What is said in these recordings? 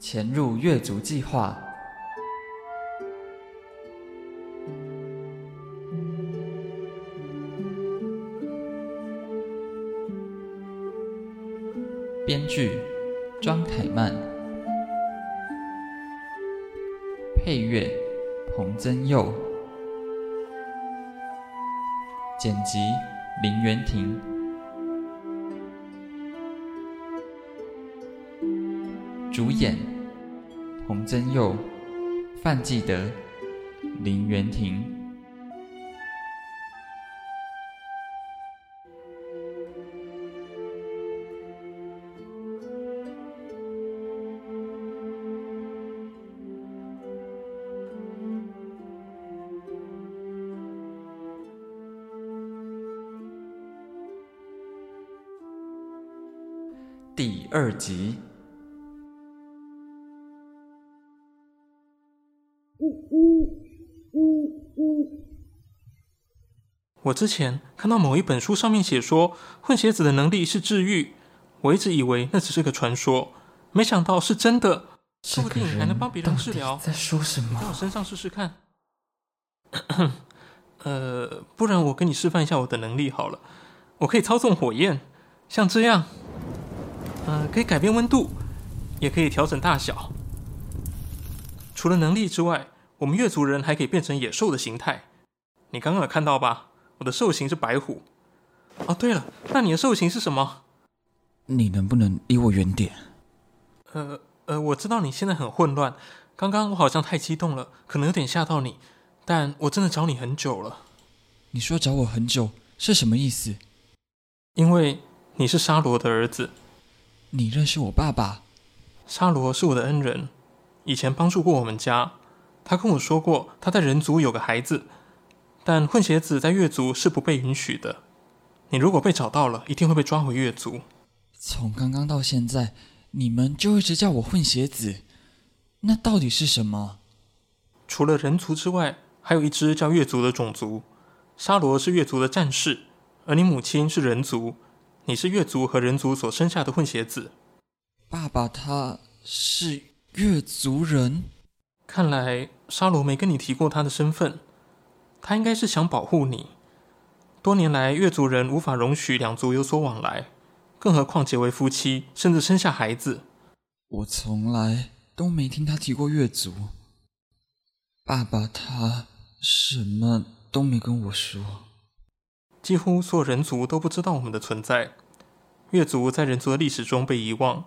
潛入月族計劃。編劇莊凱曼，配樂彭增佑，剪輯林元婷。主演：洪真佑、范繼德、林元廷。第二集。我之前看到某一本書上面寫說，混血子的能力是治癒，我一直以為那只是個傳說，沒想到是真的。說不定你還能幫別人治療。在說什麼？在我身上試試看。呃，不然我跟你示範一下我的能力好了。我可以操縱火焰，像這樣。呃，可以改變溫度，也可以調整大小。除了能力之外，我們月族人還可以變成野獸的形態。你剛剛有看到吧？我的獸形是白虎。哦，對了，那你的獸形是什麼？你能不能離我遠點？呃呃，我知道你現在很混亂。剛剛我好像太激動了，可能有點嚇到你。但我真的找你很久了。你說找我很久是什麼意思？因為你是沙羅的兒子。你認識我爸爸？沙羅是我的恩人，以前幫助過我們家。他跟我說過，他在人族有個孩子。但混血子在月族是不被允許的。你如果被找到了，一定會被抓回月族。從剛剛到現在，你們就一直叫我混血子，那到底是什麼？除了人族之外，還有一支叫月族的種族。沙羅是月族的戰士，而你母親是人族，你是月族和人族所生下的混血子。爸爸他是月族人。看來沙羅沒跟你提過他的身份。他應該是想保護你。多年來，月族人無法容許兩族有所往來，更何況結為夫妻，甚至生下孩子。我從來都沒聽他提過月族。爸爸他什麼都沒跟我說。幾乎所有人族都不知道我們的存在。月族在人族的歷史中被遺忘，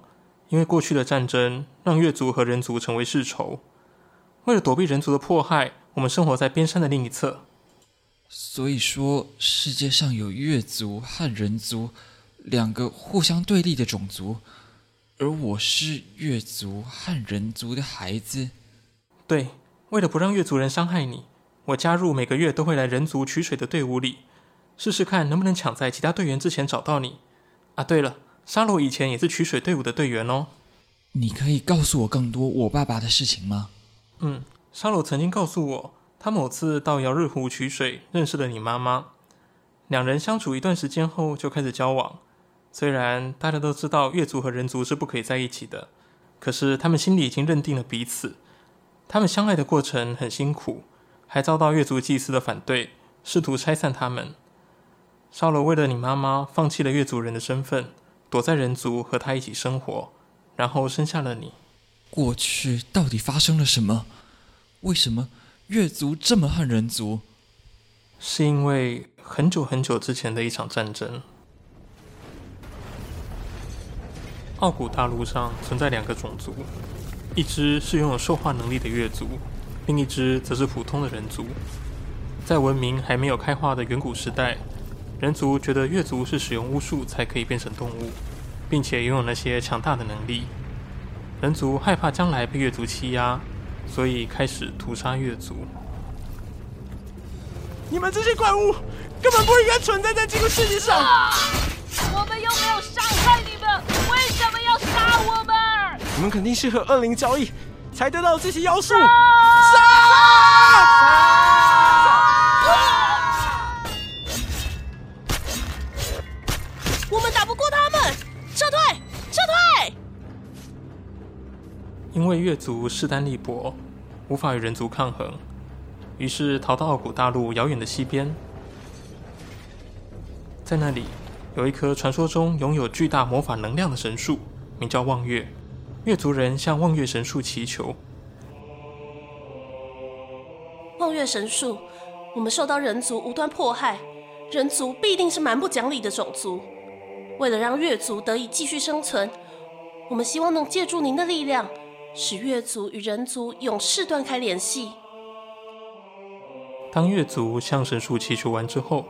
因為過去的戰爭讓月族和人族成為世仇。為了躲避人族的迫害。我們生活在邊山的另一側，所以說世界上有月族和人族兩個互相對立的種族，而我是月族和人族的孩子。對，為了不讓月族人傷害你，我加入每個月都會來人族取水的隊伍裡，試試看能不能搶在其他隊員之前找到你。啊，對了，沙羅以前也是取水隊伍的隊員哦。你可以告訴我更多我爸爸的事情嗎？嗯。沙羅曾經告訴我，他某次到瑤日湖取水，認識了你媽媽。兩人相處一段時間後，就開始交往。雖然大家都知道月族和人族是不可以在一起的，可是他們心裡已經認定了彼此。他們相愛的過程很辛苦，還遭到月族祭司的反對，試圖拆散他們。沙羅為了你媽媽，放棄了月族人的身份，躲在人族和他一起生活，然後生下了你。過去到底發生了什麼？為什麼月族這麼恨人族？是因為很久很久之前的一場戰爭。奧古大陸上存在兩個種族，一只是擁有獸化能力的月族，另一只則是普通的人族。在文明還沒有開化的遠古時代，人族覺得月族是使用巫術才可以變成動物，並且擁有那些強大的能力。人族害怕將來被月族欺壓，所以開始屠殺月族。你們這些怪物，根本不應該存在在這個世界上！我們又沒有傷害你們，為什麼要殺我們？你們肯定是和惡靈交易，才得到這些妖術。殺！因為月族勢單力薄，無法與人族抗衡，於是逃到奧古大陸遙遠的西邊。在那裡，有一棵傳說中擁有巨大魔法能量的神樹，名叫望月。月族人向望月神樹祈求：“望月神樹，我們受到人族無端迫害，人族必定是蠻不講理的種族。為了讓月族得以繼續生存，我們希望能借助您的力量。”使月族與人族永世斷開聯繫。當月族向神樹祈求完之後，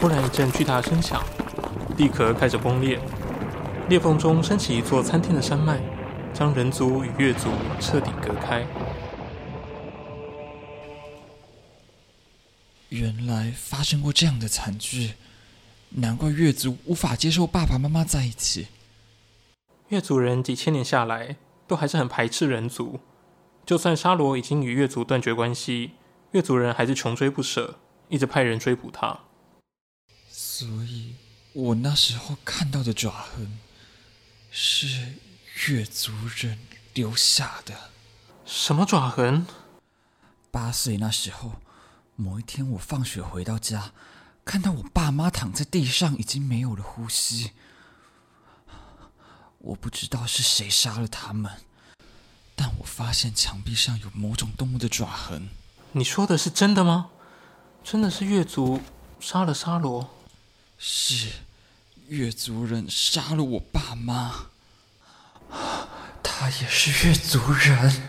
忽然一陣巨大的聲響，地殼開始崩裂，裂縫中升起一座參天的山脈，將人族與月族徹底隔開。原來發生過這樣的慘劇，難怪月族無法接受爸爸媽媽在一起。月族人幾千年下來，就還是很排斥人族，就算沙羅已經與月族斷絕關係，月族人還是窮追不捨，一直派人追捕他。所以，我那時候看到的爪痕，是月族人留下的。什麼爪痕？八歲那時候，某一天我放學回到家，看到我爸媽躺在地上，已經沒有了呼吸。我不知道是誰殺了他們，但我發現牆壁上有某種動物的爪痕。你說的是真的嗎？真的是月族殺了沙羅？是，月族人殺了我爸媽。他也是月族人，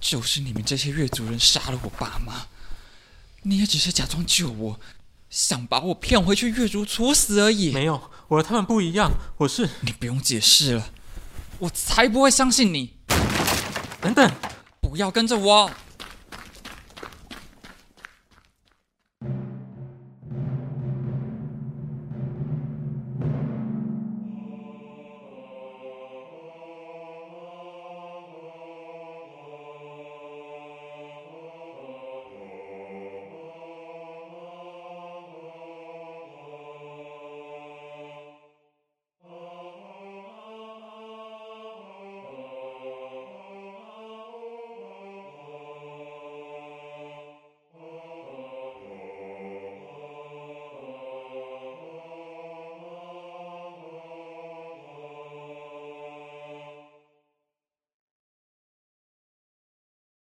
就是你們這些月族人殺了我爸媽。你也只是假裝救我。想把我騙回去，月族處死而已。沒有，我和他們不一樣。我是……你不用解釋了，我才不會相信你。等等，不要跟着我。